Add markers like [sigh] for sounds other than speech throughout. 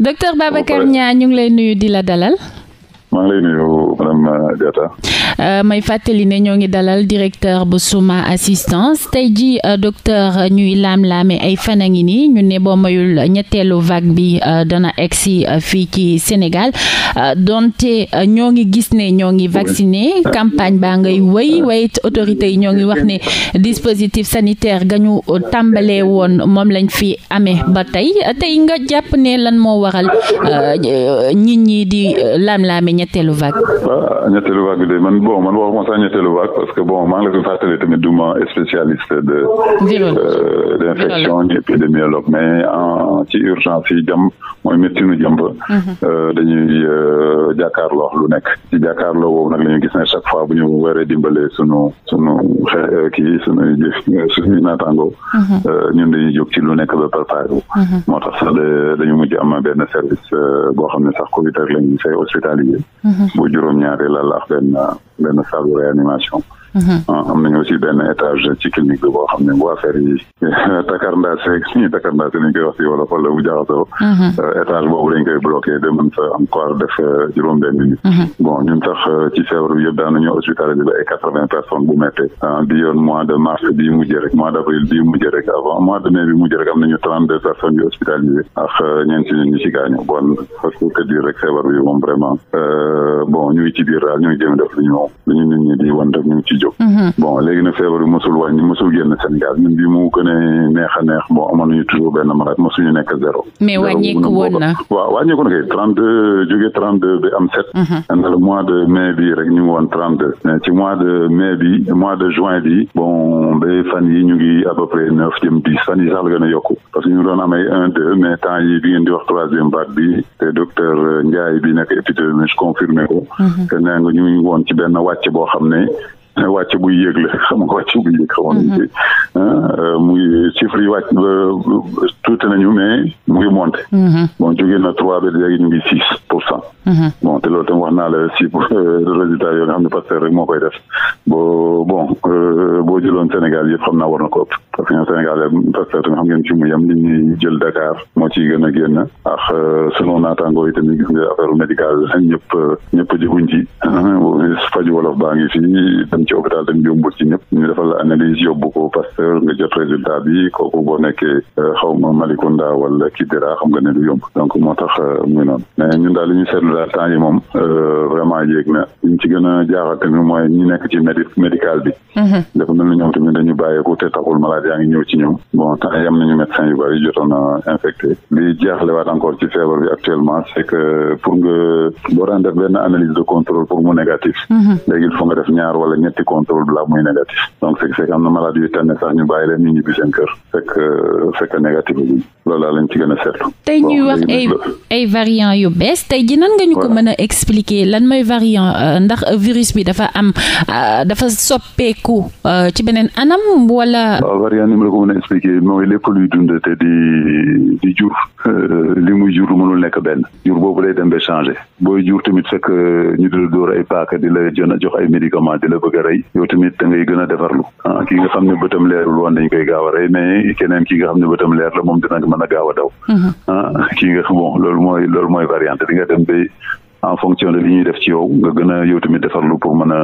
docteur Babacar Niang ñu ngi lay nuyu di la dalal. madame euh, euh, may fàttali ne ñoo ngi dalal directeur bu Suma assistance tey ji euh, docteur ñuy laam-laame ay fan a ngi nii ñu ne boo mayul ñetteelu vague bi dana egsi fii ci Sénégal donte ñoo ngi gis ne ñoo ngi vacciné campagne baa ngay wëy waaye autorités yi ñoo ngi wax ne dispositif sanitaire ga ñu tàmbalee woon moom lañ fi amee ba tey tey nga jàpp ne lan moo waral nit ñi di laam-laame ñetteelu vague. ñetteelu vague bi de man bon man waxuma sax ñetteelu vague parce que bon maa ngi la koy fàttali tamit duma spécialiste de euh, d' infection ci urgence yi jam mooy médecine jàmb mhm. euh, dañuy euh, jàkkaarloo wax lu nekk ci jàkkaarloo woowu nag la ñu gis ne chaque fois bu ñu waree dimbale sunu sunu xe kii sunu jëf suñu naataango mhm. dañuy jóg ci lu nekk ba préparé wu mhm. moo tax dañu mujj am benn service boo xam ne sax covid rek lañu say hospitalier bu juróom ñaari lal ak benn benn salle réanimation. Mhm. Ah, am nañu aussi benn étage ci clinique bi xam ne bu affaire yi Dakar [laughs] Ndaase suñuy [laughs] Dakar Ndaase lañ koy wax si wala wala bu jaxasoo. Mhm. Euh, étage boobu lañ koy euh, mhm. sax euh, ci feebar bi yëpp daan nañu hospitalisé ba ay quatre-vingts personnes bu méttee. Ah, di mois de mars bii mujj rek mois d' avril bii rek avant mois de mai bi mujj rek am nañu trente-deux personnes yu hospitalisé ak ñeent ñu ci gaañu bon parce que dire rek feebar bi moom vraiment bon moom dañu nit ñi di wan rek ñu ngi ci jóg mhm. bon léegi nag feebar bi mosul wàññi mosul génn Sénégal ñun bi mu gën a neex a neex bon amoon nañu toujours benn malade mosuñu nekk zéro mais wàññeeku woon na kay trente deux jógee trente deux bi am sept mhm. na le mois de mais bi rek ñu ngi woon trente deux mais ci mois de mai bi mois de juin bi bon ba fan yi ñu ngi à peu près neuf jëm dix fan yi sax la gën a yokku parce que ñu doon amay un deux mais temps yi bi ngeen di wax troisième ko mhm. wàcc boo xam ne [laughs] wàcc buy yéeg la xam nga wàcc buy yéeg xamoon nañ mhm. ci ah, ah, muy yi wàcc tuuti nañu mais mu ngi monté mhm. bon jógee na trois ba léegi ñu ngi six pour cent mhm. bon te loolu tam wax naa la si [laughs] résultat yoo xam ne Pasteur rek moo koy def boo bon euh, boo jëloon Sénégal yëpp xam naa war na ko ëpp parce que Sénégal Pasteur tam xam ngeen ci mu yem li ñuy jël Dakar moo ciy gën a génn ak euh, selon naataangoo yi tamit gis nga affaire médicale ñëpp ñëpp jëguñ ci [laughs] faju wolof baa ngi fii ci hôpital dem yóbbu ci ñëpp ñu defal la analyse yóbbu ko Pasteur nga jot résultat bi kooku boo nekkee euh, xaw ma Malicounda wala Kidira xam nga ne du yomb donc moo tax euh, muy noonu mais ñun daal li ñu seetlu daal temps yi moom euh, vraiment yéeg na liñ ci gën a jaaxal tamit mooy ñi nekk ci médi médical bi mm-hmm. dafa mel ni ñoom dañu bàyyeeku te taxul malade ngi ñëw ñoom bon temps yam nañu médecin bari jotoon a infecté li jaaxlewaat encore ci feebar bi actuellement c'est que pour nga boo daan def benn analyse de contrôle pour mu négatif mm-hmm. léegi il nga def ñaar wala ñetti contrôle bu la muy négatif donc c'est que na malade yu sax ñu bàyyi leen ñibbi seen kër fekk négatif loolu laa lañ ci gën a seetlu. tey ñuy wax ay ay variant yu bees tey ji nan nga ñu ko mën a expliquer lan mooy variant euh, ndax virus bi dafa am euh, dafa soppeeku euh, ci beneen anam wala. waaw variant ni ma la ko mën a expliquer mooy lépp luy dund te di jur. [laughs] booy jur mënul nekk benn jur boobu day dem ba changé booy jur tamit fekk euh, ñu di la dóor ay paaka di la jën a jox ay médicament di la bëgg a rey yow tamit da ngay a defarlu ah ki nga xam ne bëtam leerul a rey moom dina mën a gaaw a daw mm-hmm. ah ki nga bon loolu mooy loolu mooy variante di dem ba en fonction de li ñuy def ci yow nga gën a yow tamit defarlu pour mën a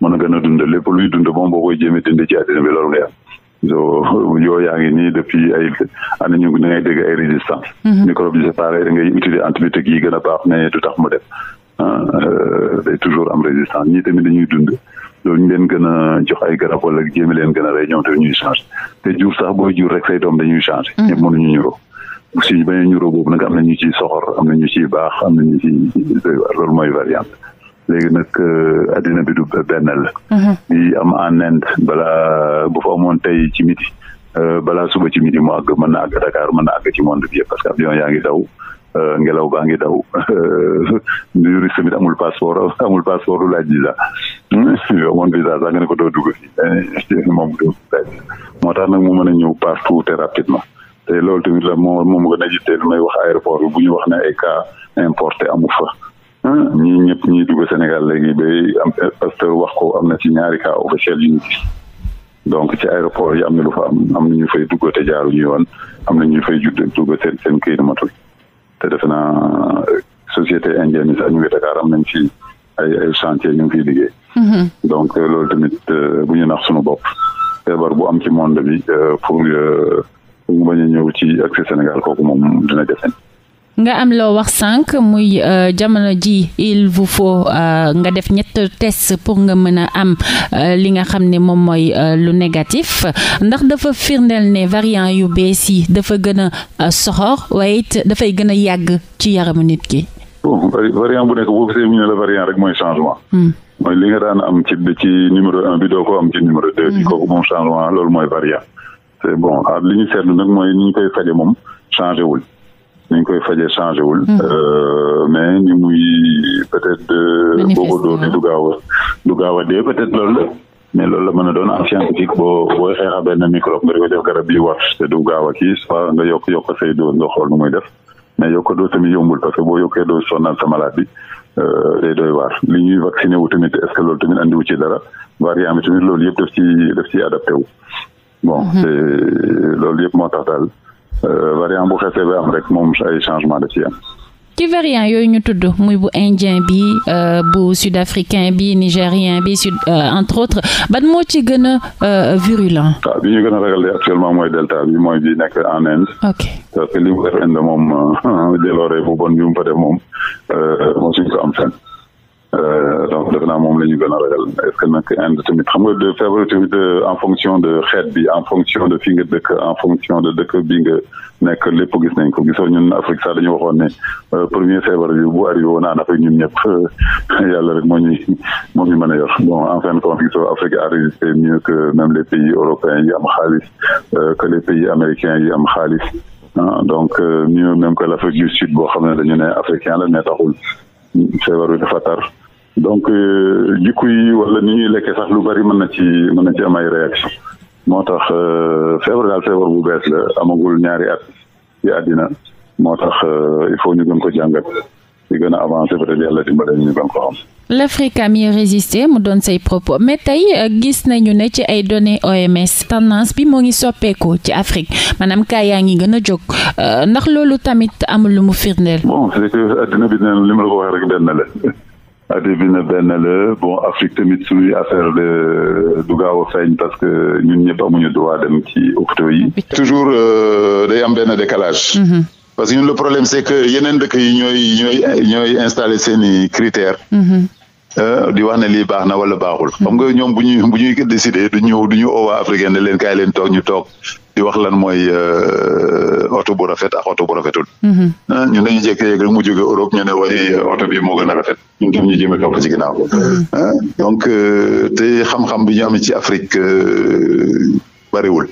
mën a gën a dund lépp luy dund moom boo koy jéemee dund ci àddina bi loolu ngay so [laughs] yoo yaa ngi nii depuis ay année ñu da ngay dégg ay résistance mhm. microbe yi c'est pareil da ngay utiliser antibiotique yi gën a baax mais du tax mu a ah, euh, day toujours am résistance ñii tamit dañuy dund loolu ñu leen gën a jox ay garab wala jéem leen gën a rey ñoom dañuy changé te jur sax booy jur rek say doom dañuy changé mhm. ñëpp mënuñu ñuroo si bañ a ñuroo boobu nag am na ñu ciy soxor am na ñu ciy baax am na ñu ciy loolu mooy variante léegi nag euh, addina bi du benn mhm. am en Inde balaa bu fa amoon tey ci midi euh, balaa suba ci midi mu àgg mën na àgg Dakar mën na àgg ci monde bi yëpp parce que avion yaa ngi daw. Euh, ngelaw baa ngi daw [laughs] juriste tamit amul passeport [laughs] amul passeport du laaj visa [laughs] amoon visa sax nga ne ko doo dugg fii moom du laaj moo tax nag mu mën a ñëw partout te rapidement te loolu tamit la moom moom gën a yitteel may wax wax ne ay cas importé amu fa ñii ñëpp ñuy dugg Sénégal léegi bay am Pasteur wax ko am na ci ñaari cas officiel yu ñu donc ci aéroport yi am na lu fa am am na ñu fay dugg te jaaru ñu yoon am na ñu fay judd dugg seen seen këyit matul te defe naa société indienne yi ñu ngi Dakar am nañ ci ay ay chantier ñu ngi fiy liggéey. Mm-hmm. donc euh, lool tamit euh, bu ñu nax suñu bopp. feebar bu am ci monde bi euh, pour pour mu bañ ci accès Sénégal kooku moom a jafe. nga am loo wax sànq muy euh, jamono ji il vous faut euh, nga def ñett test pour nga mën a am euh, li nga xam ne moom mooy lu négatif ndax dafa firndel ne variant yu bees yi dafa gën a soxor waaye it dafay gën a yàgg ci yaramu nit ki. bon variant bu nekk boo gisee ñu la variant rek mooy changement. Hmm. mooy li nga daan am ci numéro un bi doo ko am ci numéro deux bi hmm. kooku moom changement loolu mooy variant. c'est bon ah, li ñu seetlu nag mooy ni ñu koy faje moom changé wul. ni koy faje changé wul. Hmm. Euh, mais ni muy peut être. boobu doo du gaaw a du gaaw a dee peut être loolu la. mais loolu la mën a doon am scientifique boo booy xeexa benn microbe nga di ko def garab yi war gaaw a kii soit nga yokk yokk say dose xool nu muy def mais yokk dose tamit yombul parce que boo yokkee dose sonal sa malade bi euh, day doy waar li ñuy vacciné wu tamit est ce que loolu tamit andiwu ci dara variant bi tamit loolu yëpp daf ci daf ciy adapté wu hmm. loolu yëpp moo tax daal Euh, variant bu xasee ba am rek moom ay changement de ci am. ci variant yooyu ñu tudd muy bu indien bi euh, bu sud africain bi nigérien bi sud euh, entre autres ban moo ci gën a virulent. waaw ah, bi ñu gën a ragal de actuellement mooy delta bi mooy bi nekk en Inde. ok moom jëloore [laughs] bu bon bi mu fa def moom mosuñ ko am fenn. Euh, donc defe naa moom la ñu gën a ragal est-ce que nag Inde tamit xam nga de feebar tamit euh, en fonction de xeet bi en fonction de fi nga dëkk en fonction de dëkk bi nga nekk lépp gis nañ ko gisoo ñun Afrique sax dañu waxoon ne euh, premier feebar bi bu arrivé ñun ñëpp [laughs] yàlla rek moo ñu moo ñu mën a yor en gisoo Afrique a résisté mieux que même les pays européens yi am xaalis que les pays yi am xaalis donc mieux même que l'Afrique du Sud boo xam ne dañu ne africain la ne taxul feebar bi dafa tar donc euh, jikku yi wala ni ñuy lekkee sax lu bari mën na ci mën na ci am ay réaction moo tax euh, feebar daal feebar bu bees la amagul ñaari at ci àddina moo tax euh, il faut ñu gën ko jàngat di gën a avancé peut être yàlla dimbale ñu gën ko xam. l'Afrique a mieux résisté mu doon say propos mais tey euh, gis nañu ne ci ay données OMS tendance bi moo ngi soppeeku ci Afrique maanaam kaa yaa ngi gën a jóg euh, ndax loolu tamit amul lu mu firndeel. bon c'est addina bi neen li ma la ko waxee rek benn la [laughs] addina bi ne benn la bon Afrique tamit suñuy affaire de du gaaw a feeñ parce que ñun ñëpp amuñu droit dem ci hôpitaux yi. toujours euh, day am benn décalage. Mhm. parce que le problème c'est que yeneen dëkk ñooy ñooy ñooy installé seen i critères. Mhm. Euh, di wax ne lii baax na wala baaxul. xam nga ñoom bu ñuy bu ñuy décider du ñu du ñu oo waa africain ne leen kaay leen toog ñu toog di wax lan mooy euh, oto bu rafet a oto bu rafetul. Mhm. Ah, ñun dañuy jékki-jékki rek mu ne waaye oto bi a rafet ñun ñu jëme topp ci ginnaaw. Mhm. Ah, donc euh, te xam-xam bi ñu ci Afrique bariwul.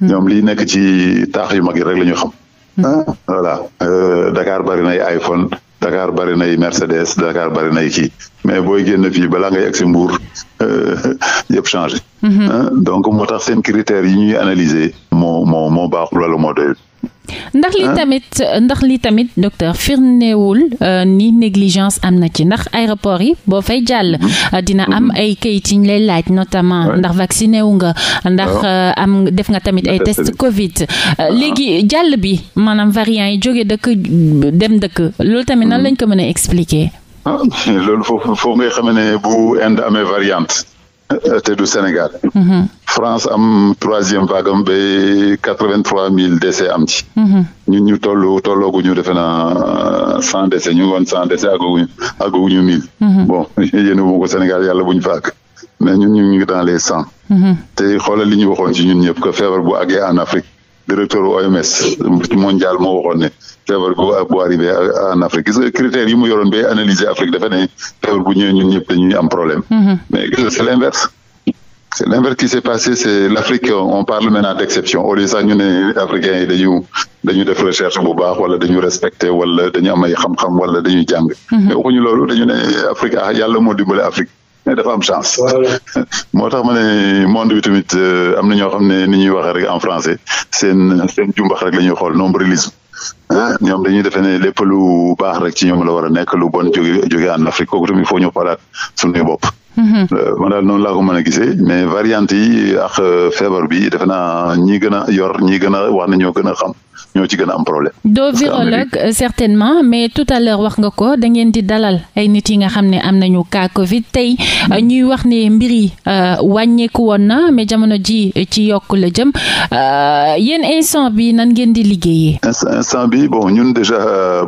ñoom lii nekk ci taax yu mag yi rek la ñu xam. Hmm. ah voilà euh, Dakar bari nay iPhone Dakar bari nay Mercedes Dakar bari nay kii mais booy génn fii balaa ngay egg si Mbour euh, [laughs] yëpp changé. Hmm. Ah, donc moo tax seen critères yi ñuy analyser moo moo moo baaxul wala moo doyul. ndax li ah. tamit ndax li tamit docteur firnewul euh, ni négligence am na ci ndax aéroport yi boo fay jàll mhm. euh, dina am mhm. ay kayit yiñ lay laaj notamment ndax vacciné wu nga ndax ah. euh, am def nga tamit ay test covid ah. léegi jàll bi maanaam variant yi jóge dëkk dem dëkk loolu tamit nan mhm. lañ ko mën a expliquer [laughs] loolu foofu ngay xam ne bu Inde amee variante Euh, te du Sénégal. Mhm. France am troisième vague am ba quatre vingt trois mille décès am ci. Mhm. ñun ñu tollu tollooguñu defe euh, cent décès ñu ngi woon cent décès àgguñu àgguñu mille. Mhm. bon [laughs] yéen wu ko Sénégal yàlla buñ fa àgg mais ñu ngi dans les cent. te xoolal li ñu waxoon ci ñun ñëpp bu àggee en Afrique. directeur OMS mondial moo waxoon ne feebar bu en Afrique gis nga critères yi Afrique dafa ne feebar bu ñëwee problème. Mm-hmm. mais gis l'inverse. c'est l'inverse qui s'est passé c'est l'Afrique on parle maintenant d'exception au lieu sax ñu ne africains yi dañu dañu def recherche bu baax wala dañu respecté wala dañu am ay xam-xam wala dañuy jàng mm-hmm. mais waxuñu loolu dañu Afrique ah yàlla moo Afrique mais dafa am chance. [laughs] moo tax ma ne monde bi tamit euh, am na ñoo xam ne ni ñuy waxee rek en français seen seen jumbax rek la ñuy xool nombrilisme. ñoom dañuy defee ne lépp lu baax rek ci ñoom la war a nekk lu bon jóge jóge en Afrique kooku tamit foo ñu bop suñuy bopp. Mm-hmm. Euh, man daal noonu mën a gisee mais variante yi euh, feebar bi defe na ñi gën a yor ñi gën a wax ne ñoo gën a xam. ñoo ci gën am problème. doo virologue euh, certainement mais tout à l'heure wax nga ko da ngeen di dalal ay nit yi nga xam ne am nañu cas Covid tey euh, mm. ñuy wax ne mbir yi euh, wàññeeku woon na mais jamono ji ci yokk la jëm yéen instant bi nan ngeen di liggéeyee. instant bi bon ñun déjà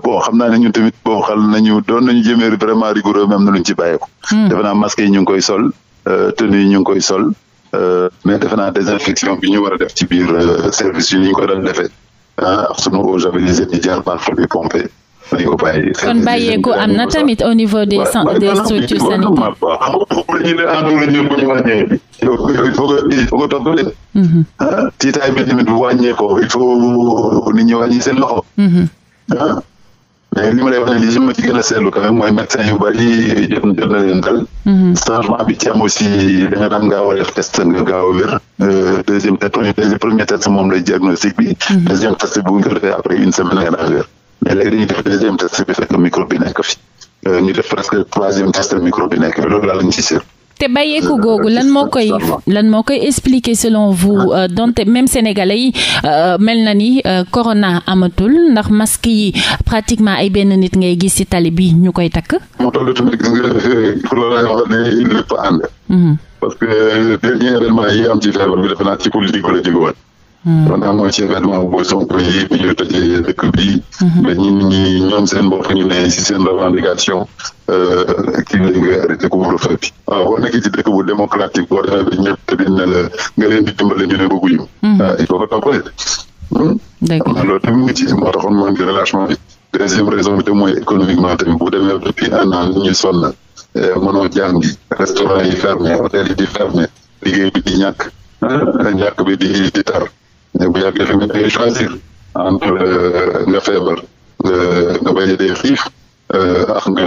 bon xam naa ne ñun tamit bon xal nañu doon nañu jëmee vraiment rigoureux même na luñ ci bàyyeeku. Mm. defe naa masques yi ngi koy sol tenue yi ñu ngi koy sol mais defe naa désinfection bi ñu war a def ci biir service yi ni ko doon ah sunu eau javelisée di jar baax di pompé. dañ ko bàyyi kon bàyyeeku am na tamit au niveau des des structures sanitaires. il faut que il faut que topp leen. tiitaay bi tamit bu wàññeekoo il faut nit ñi wàññi seen loxo. mais li ma lay wax ne li ma ci gën a seetlu quand dal. Mhm. changement bi ci aussi da nga gaaw a def test nga gaaw a wér. Euh, deuxième test premier test moom lay diagnostic bi. Mhm. deuxième test bu ñu ko après une semaine nga daan wér. mais léegi dañuy def deuxième test bi fekk fi euh, ñu def presque troisième test microbe fi loolu daal lañ ci te bàyyeeku googu lan moo koy lan moo koy expliquer selon vous euh, donte même sénégalais yi euh, mel na ni euh, corona amatul ndax masque yi pratiquement ay benn nit ngay gis ci tali bi ñu koy takk. Mhm. parce que dernier événement yi am ci feebar bi defe naa ci politique la jógewoon. maanaam mooy ci événement bu Sonko yi bi ñu tëjee dëkk bi. mais hmm. ñoom seen bopp ñu ne si seen revendication euh, kii lañ koy arrêté a feu bi. waaw boo nekkee ci dëkk bu démocratique boo demee ba ñëpp te dina la nga leen di dimbale ñu ne bëgguñu. Hmm. Ah, il faut que toppale. dëgg la hmm. loolu tamit nga ci moo taxoon moom di relâchement bi. deuxième raison bi te mooy euh, restaurant yi fermé hôtel yi di fermé liggéey bi di ñàkk ah, ñàkk bi di di tar. mais bu yàggee tamit da ngay choisir entre euh, nga feebar nga bañ a dee xiif euh, ak nga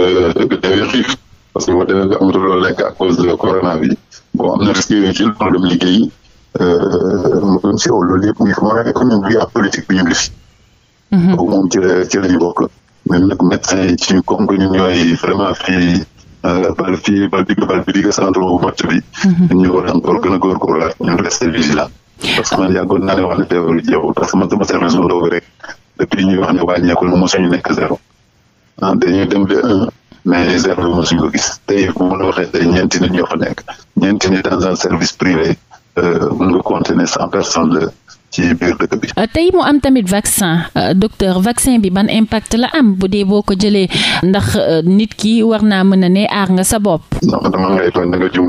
dee xiif parce que boo demee nga amatul loo lekk à cause de corona bi bon am na risque yooyu ci loolu dem liggéeyi mu euh, gën si yow loolu ko mën bi ak politique moom ci la bokk. même nag médecin yi ci comme que ñun bal fii bal digg bal bi digg centre bu mott bi. Mhm. ñu war a encore gën a góorgóorlaat parce que man yàggoon naa leen wax ne feebar bi jeexul parce que man sama service bu ndaw bi rek depuis ñuy wax ne wàññeekul mu mosuñu nekk zéro ah dañuy dem ba mais zéro bi mosuñu ko gis tey bu ma la waxee tey ñeenti nit ñoo fa nekk ñeenti nit dans un service privé euh, mun nga contenir cent personnes ci biir dëkk bi. Euh, mu am tamit vaccin euh, docteur vaccin bi ban impact la am bu dee boo ko jëlee ndax euh, nit ki war naa mën na ne aar nga sa bopp. non dama ngay toog da nga jum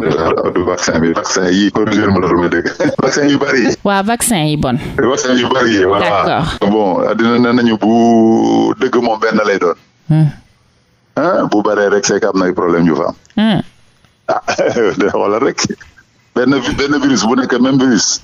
du vaccin bi vaccin yi corrigé ma loolu ma dégg [laughs] vaccin yu bari yi. waaw vaccin yi bon. vaccin yu bari yi. d'accord bon dina ne nañu bu dëgg moom benn lay hmm. bu baree rek c'est am na ay problème yu fa am. ah [laughs] rek benn benn virus bu nekk même virus.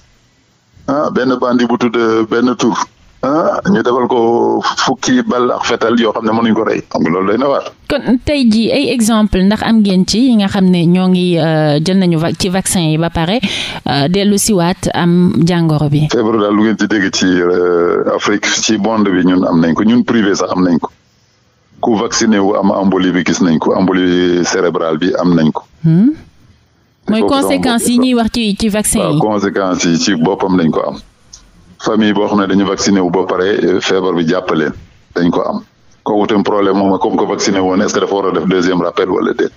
ah benn bandi bu tudd euh, benn tur ah, ñu defal ko fuki bal ak fetal yoo xam ne mënuñ ko rey xam nga loolu day na waar. kon tey jii ay exemple ndax am ngeen ci yi nga xam ne ñoo ngi euh, jël nañu ci vaccin yi ba pare euh, dellu siwaat am jàngoro bi. feebar daal lu ngeen ci dégg ci Afrique ci monde bi ñun am nañ ko ñun privé sax am nañ ko. ku vacciné wu am embolie bi gis nañ ko embolie cérébrale bi am nañ ko. Hmm? mooy conséquences yi ñuy wax ci ci vaccin yi. conséquences yi ci boppam lañ ko am famille boo xam ne dañu vacciné wu ba pare euh, feebar bi jàppaleen dañ ko am kooku tam problème moom comme que vacciné woon est-ce que dafa war a def deuxième rappel wala déet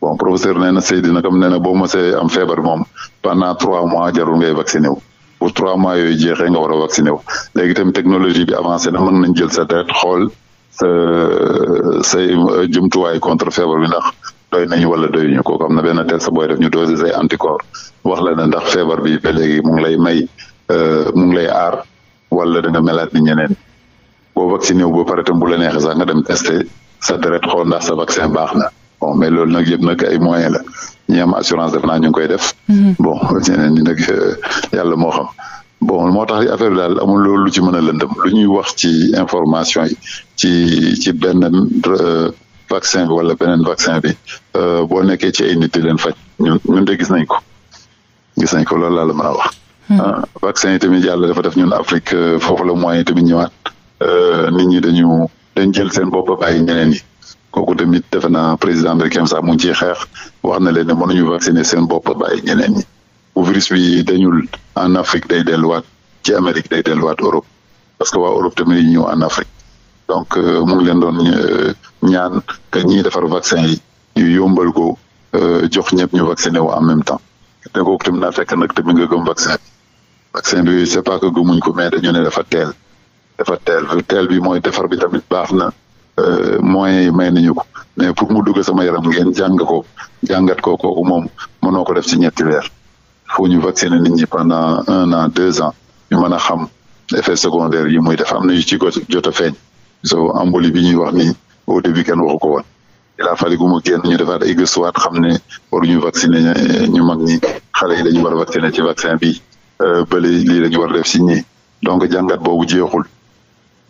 bon professeur nee na Seydina kam nee na boo mosee am feebar bi moom pendant trois mois jarul ngay vacciné wu bu trois mois yooyu jeexee nga war a vacciné wu léegi tam technologie bi avancé na mën nañ jël sa deret xool sa euh, say euh, jumtuwaay contre feebar bi ndax doy nañu wala doyuñu kooku am na benn test booy def ñu doser say anticorps wax la ne ndax feebar bi ba léegi mu ngi lay may euh, mu ngi lay aar wala da nga melaat ni ñeneen boo vacciné wu ba pare tam bu la neexee sax nga dem testé sa deret xool ndax sa vaccin baax na bon mais loolu nag yëpp nag ay moyen la ñi assurance def naa ñu ngi koy def. Mm-hmm. bon ñeneen ñi nag euh, yàlla moo xam. bon moo tax affaire daal amul loolu lu ci mën a lëndëm lu ñuy wax ci information yi ci ci benn euh, vaccin bi wala beneen vaccin bi euh, boo nekkee ci ay nit di leen faj ñun ñun de gis nañ ko gis nañ ko loolu laa la mën a wax. Hmm. Ah, vaccin yi tamit yàlla dafa def ñun Afrique euh, foofu la moyen tamit ñëwaat euh, nit ñi dañu dañ jël seen bopp bàyyi ñeneen yi kooku tamit defe naa président américain sax mu ngi ciy xeex wax na leen ne mënuñu vacciner seen bopp bàyyi ñeneen ñi bu virus bi dañul en Afrique day delluwaat ci Amérique day delluwaat Europe parce que waa Europe tamit ñu ñëw en Afrique. donc euh, mu ngi leen doon euh, ñaan ñiy defar vaccin yi ñu yombal ko euh, jox ñëpp ñu vacciné wo en même temps te kooku tamit naa fekk nag tamit nga gëm vaccin bi vaccin bi c'est pas que ko mais dañu ne dafa teel dafa teel teel mooy defar bi tamit baax na moyens yi may nañu ko mais pour mu dugg sama yaram ngeen jàng ko jàngat ko kooku moom mënoo ko def ci ñetti weer foo ñu vacciner nit ñi pendant un an deux ans ñu mën a xam effet secondaire yi muy def am na yu ci jot a feeñ. so emboli bi ñuy wax ni au début kenn waxu ko woon il a fallu mu génn ñu defaat ay gëstuwaat xam ne waruñu vacciner ñu mag ñi xale yi lañu war a vacciner ci vaccin bi euh, bële lii lañu war a def si ñii donc jàngat boobu jeexul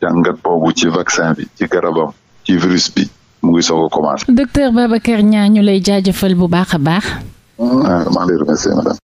jàngat boobu ci vaccin bi ci garabam ci virus bi mu ngi soog a commencé. docteur Babacar Niang ñu lay jaajëfal bu baax a baax. maa ngi lay remercier